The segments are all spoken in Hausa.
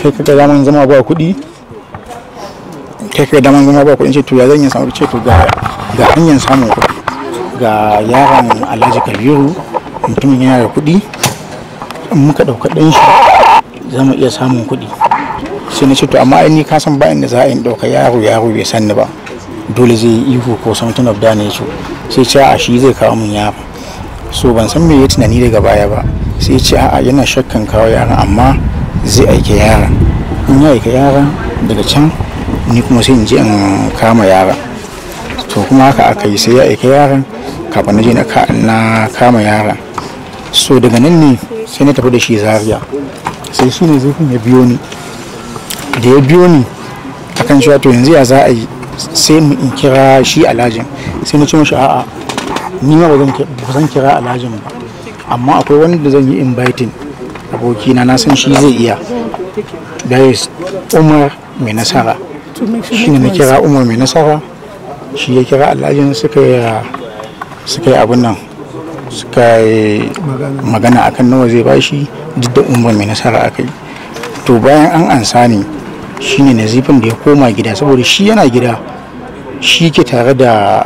kai kaga daman zama ba kuɗi kai kaga daman zama ba kuɗi ce to ya zan yi samu ce to ga ga hanyar samun kuɗi ga yaron alhaji kabiru mutumin yana da kuɗi in muka ɗauka ɗan shi za iya samun kuɗi sai na ce to amma ni ka san bayan da za a yi ɗauka yaro yaro bai san ba dole zai yi ihu ko something of that shi sai ce a shi zai kawo mun yaro so ban san me ya tunani daga baya ba sai ce a'a yana shakkan kawo yaron amma zai aike yaran in ya aika yaran daga can ni kuma sai in je in kama yaran to kuma haka aka yi sai ya aika yaran kafin na na kama yaran so daga nan ne sai na tafi da shi Zariya. sai shi ne zai ya biyo ni da ya biyo ni akan cewa to yanzu ya za a yi sai mu in kira shi alhajin sai na ce mashi a'a ni ma ba zan kira alhajin ba amma akwai wanda zan yi inviting abokina na san shi zai iya dai umar mai nasara shi ne na kira umar mai nasara shi ya kira alhajin suka yi abin nan suka yi magana akan nawa zai bashi duk da umar mai nasara akai to bayan an ansa ne shi ne nazifin da ya koma gida saboda shi yana gida shi ke tare da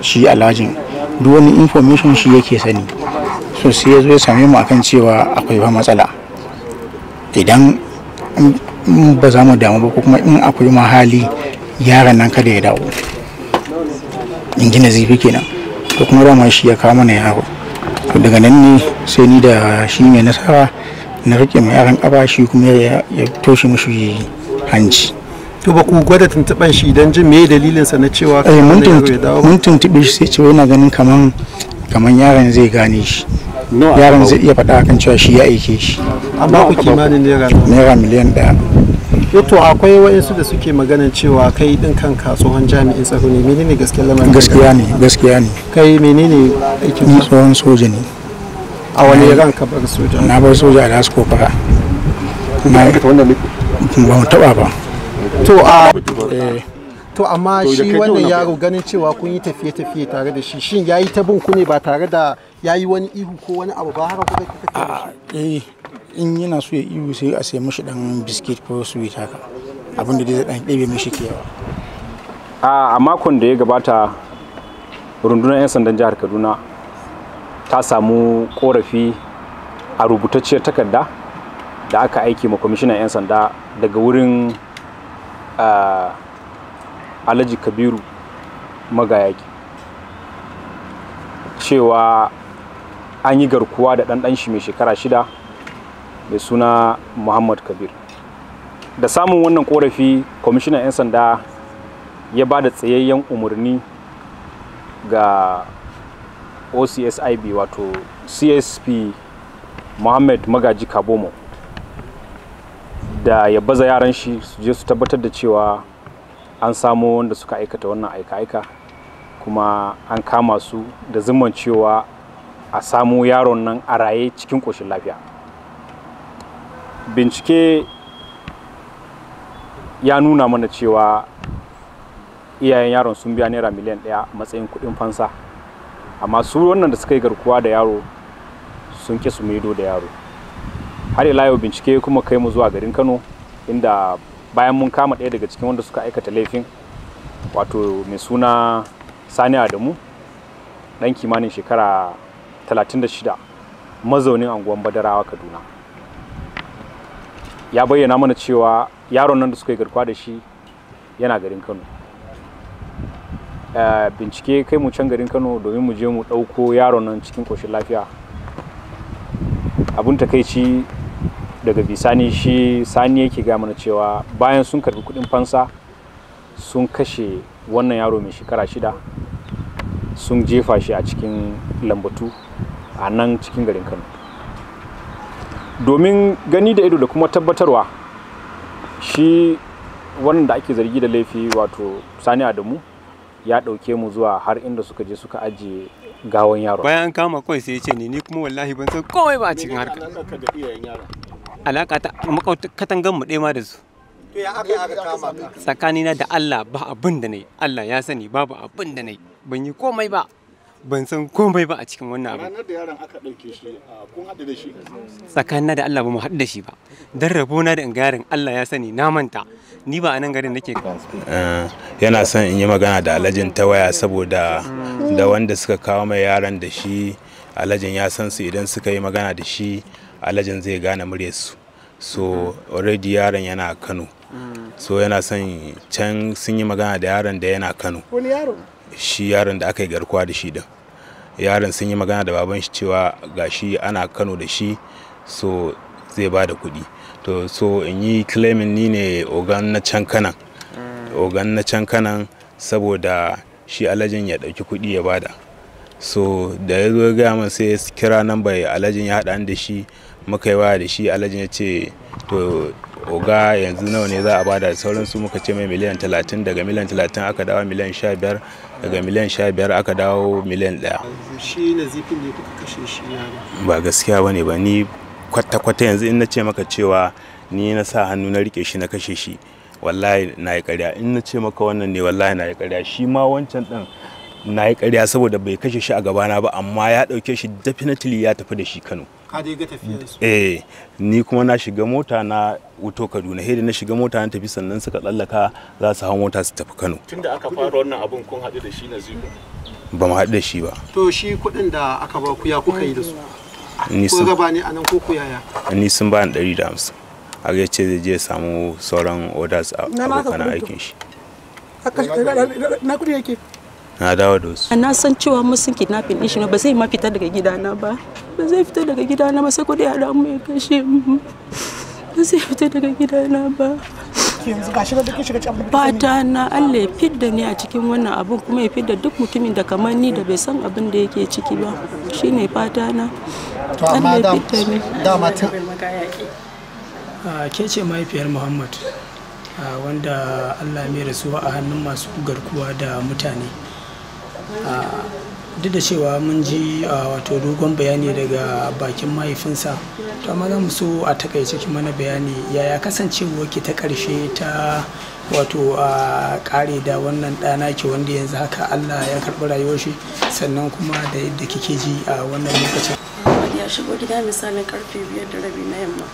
shi alhajin duk wani information shi yake sani to sai ya zo ya same mu akan cewa akwai ba matsala idan ba za mu damu ba ko kuma in akwai ma hali yaran nan kada ya dawo in gina zifi kenan to kuma dama shi ya kawo mana yaro to daga nan ne sai ni da shi mai nasara na rike mai yaran kaba shi kuma ya toshe mushi hanci to ba ku gwada tuntuban shi don jin me dalilin sa na cewa eh, mun tuntuɓi shi sai cewa yana ganin kaman kaman yaron zai gane shi yaron zai iya faɗa kan cewa shi ya aike shi amma ku kimanin naira naira miliyan ɗaya eh to akwai waɗansu da suke maganin cewa kai din kanka tsohon jami'in tsaro ne menene gaskiya lamarin gaskiya ne gaskiya ne kai menene aikin ni tsohon soja ne a wani ran ka bar soja na bar soja a su fara na ba mu taba ba to a eh. to amma shi wannan yaro ganin cewa kun yi tafiye-tafiye tare da shi shin yayi ta bin ku ne ba tare da ya yi wani ihu ko wani abu ba haka kuka kika a ah, eh in yana so ya ihu sai a sai mishi dan biskit ko sweet haka abin da zai dan ɗebe mishi kewa a ah, a makon da ya gabata rundunar 'yan sandan jihar kaduna ta samu korafi a rubutacciyar takarda da aka aiki ma kwamishinan 'yan sanda daga wurin ah, alhaji kabiru magayaki cewa an yi garkuwa da ɗanɗan shi mai shekara shida mai suna muhammad kabir da samun wannan korafi kwamishinan 'yan sanda ya ba da tsayayyen umarni ga ocsib wato csp muhammad magaji kabomo da ya baza yaran shi su je su tabbatar da cewa an samo wanda suka aikata wannan aika-aika kuma an kama su da ziman cewa a samu yaron nan a raye cikin koshin lafiya bincike ya nuna mana cewa iyayen yaron sun biya naira miliyan ɗaya matsayin kuɗin fansa amma su wannan da suka yi garkuwa da yaro sun ƙi su maido da yaro har ila yau bincike kuma kai mu zuwa garin kano inda bayan mun kama ɗaya daga cikin wanda suka aikata laifin wato mai suna sani adamu ɗan kimanin shekara 36 mazaunin anguwan badarawa kaduna ya bayyana mana cewa yaron nan da suka yi garkuwa da shi yana garin kano eh, bincike kai mu can garin kano domin mu je mu ɗauko yaron nan cikin koshin lafiya abin takaici daga bisani shi sani yake gaya mana cewa bayan sun karbi kudin fansa sun kashe wannan yaro mai shekara shida sun jefa shi a cikin lambatu a nan cikin garin kano domin gani da ido da kuma tabbatarwa shi wanda ake zargi da laifi wato sani adamu ya ɗauke mu zuwa har inda suka je suka ajiye gawon yaro bayan kama kawai sai ya ce ni kuma wallahi ban san komai ba a cikin harka alaka ta katangan mu ma da su tsakanina da Allah ba abin da nayi Allah ya sani babu abin da nayi ban yi komai ba ban san komai ba a cikin wannan abu ranar da yaron aka ɗauke shi kun haɗu da shi tsakanin da Allah ba mu haɗu da shi ba dan na da ingarin Allah ya sani na manta ni ba a nan garin nake eh, yana son in yi magana da alajin ta waya saboda da wanda suka kawo mai yaron da shi alajin ya san su idan suka yi magana da shi alajin zai gane muryarsu so already yaron yana Kano so yana son can sun yi magana da yaron da yana Kano wani yaro shi yaron da aka yi garkuwa da shi din yaron sun yi magana da baban shi cewa ga shi ana kano da shi so zai ba da kuɗi to so in yi claimin ni ne ogan na can kanan ogan na can kanan saboda shi alajin ya ɗauki kuɗi ya bada so da ya zo gaya min sai kira nan bai alajin ya haɗa da shi muka yi waya da shi alajin ya ce to oga yanzu nawa ne za a bada sauran su muka ce mai miliyan 30 daga miliyan 30 aka dawo miliyan 15 daga miliyan 15 aka dawo miliyan 1 shi nazifin ne kuka kashe shi ba gaskiya bane ba ni kwata-kwata yanzu in na ce maka cewa ni na sa hannu na rike shi na kashe shi wallahi na yi karya in na ce maka wannan ne wallahi na yi karya shi ma wancan din na yi ƙarya saboda bai kashe shi a gabana ba amma ya ɗauke shi definitely ya tafi da shi kano eh ni kuma na shiga mota na wuto kaduna hedi na shiga mota na tafi sannan suka tsallaka za su hau mota su tafi kano tunda aka fara wannan abun kun haɗu da shi na zigo ba mu haɗu da shi ba to shi kuɗin da aka ba ku ya kuka yi da su ni sun gaba ne anan ko ku yaya ni sun ba ni ɗari da hamsin har ce zai je samu sauran orders a abokan aikin shi na kuɗi yake na dawo da su na san cewa sun kidnapping din shi ba zai ma fita daga gidana ba ba zai fita daga gidana ba sai ko dai yara mu ya kashe mu ba zai fita daga gidana ba yanzu gashi da na Allah ya fidda ni a cikin wannan abun kuma ya fidda duk mutumin da kamar ni da bai san abin da yake ciki ba shine fata na to amma da mata a ke ce mahaifiyar Muhammad ah, wanda Allah mai rasuwa a hannun masu garkuwa da mutane duk da cewa mun ji wato dogon bayani daga bakin mahaifinsa to amma za mu so a takaice ki mana bayani yaya kasancewa ki ta karshe ta wato a kare da wannan ɗana ki wanda yanzu haka Allah ya karɓi rayuwar shi sannan kuma da yadda kike ji a wannan lokacin ya shigo gida misalin karfe biyar da rabi na yamma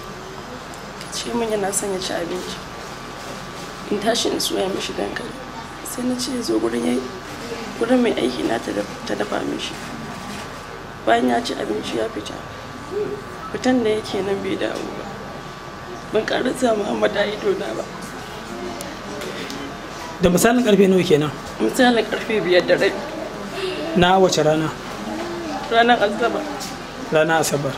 ce min yana son ya ci abinci in tashi in soya mishi dankali sai na ce zo gurin yayi gurin mai aiki na ta dafa mishi bayan ya ci abinci ya fita fitan da yake nan bai dawo ba ban karasa muhammad a ido na ba da misalin karfe nawa kenan misalin karfe biyar da rai na wace rana ranar asabar rana asabar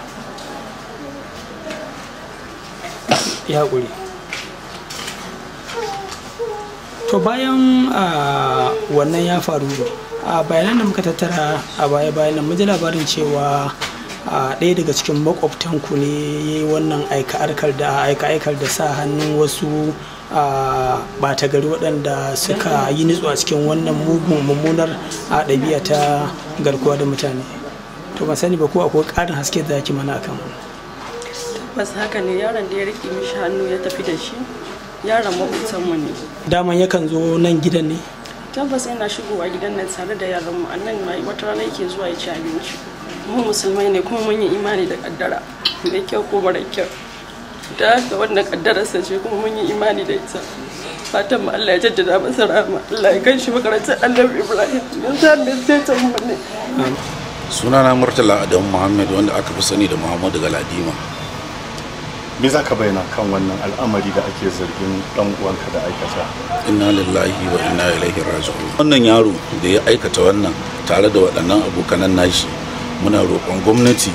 ya haƙuri to bayan wannan ya faru a bayanan da muka tattara a baya bayan nan ji labarin cewa a ɗaya daga cikin makwabtanku ne ya yi wannan aika-aikar da aika-aikar da sa hannun wasu ɓata gari waɗanda suka yi nutsu a cikin wannan mugun mummunar a ɗabi'a ta garkuwa da mutane to ban sani ba ko akwai ƙarin haske da ki mana akan tabbas haka ne yaron da ya riƙe mishi hannu ya tafi da shi yaron makwabtanmu ne daman yakan zo nan gidan ne tabbas yana shigowa gidan nan tare da yaran mu annan mai wata rana yake zuwa ya ci abinci mu musulmai ne kuma mun yi imani da kaddara da kyau ko mara kyau da haka wannan kaddararsa ce kuma mun yi imani da ita fatan mu Allah ya jaddada masa rahama Allah ya kai shi makarantar Annabi Ibrahim dan san me sai ta mu ne sunana Murtala Adamu Muhammad wanda aka fi sani da Muhammadu Galadima me za ka bayyana kan wannan al'amari da ake zargin dan uwanka da aikata inna lillahi wa inna ilaihi raji'un wannan yaro da ya aikata wannan tare da waɗannan abokanan nashi muna roƙon gwamnati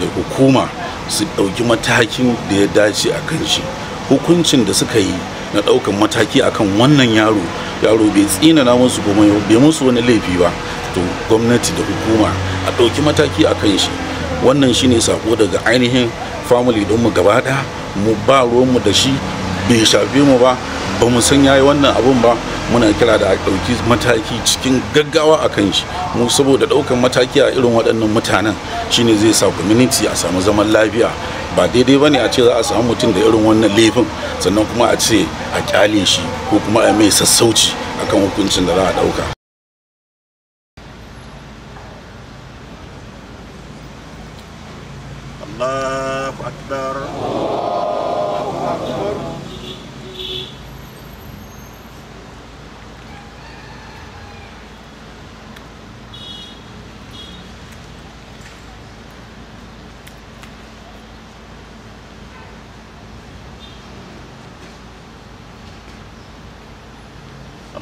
da hukuma su ɗauki matakin da ya dace a kan shi hukuncin da suka yi na ɗaukan mataki akan wannan yaro yaro bai tsina na musu goma bai musu wani laifi ba to gwamnati da hukuma a ɗauki mataki a kan shi wannan shine sako daga ainihin family mu gaba mu ba ruwanmu da shi bai shafe mu ba ba mu san yayi wannan abun ba muna kira da a ɗauki mataki cikin gaggawa a kan shi mu saboda ɗaukan mataki a irin waɗannan mutanen shine zai sa community a samu zaman lafiya ba daidai ba ne a ce za a samu mutum da irin wannan laifin sannan kuma a ce a kyale shi ko kuma a mai sassauci akan hukuncin da za a ɗauka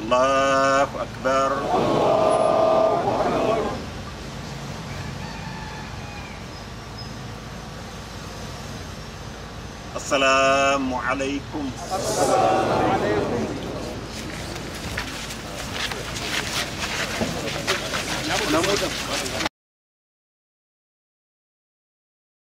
الله أكبر السلام عليكم السلام عليكم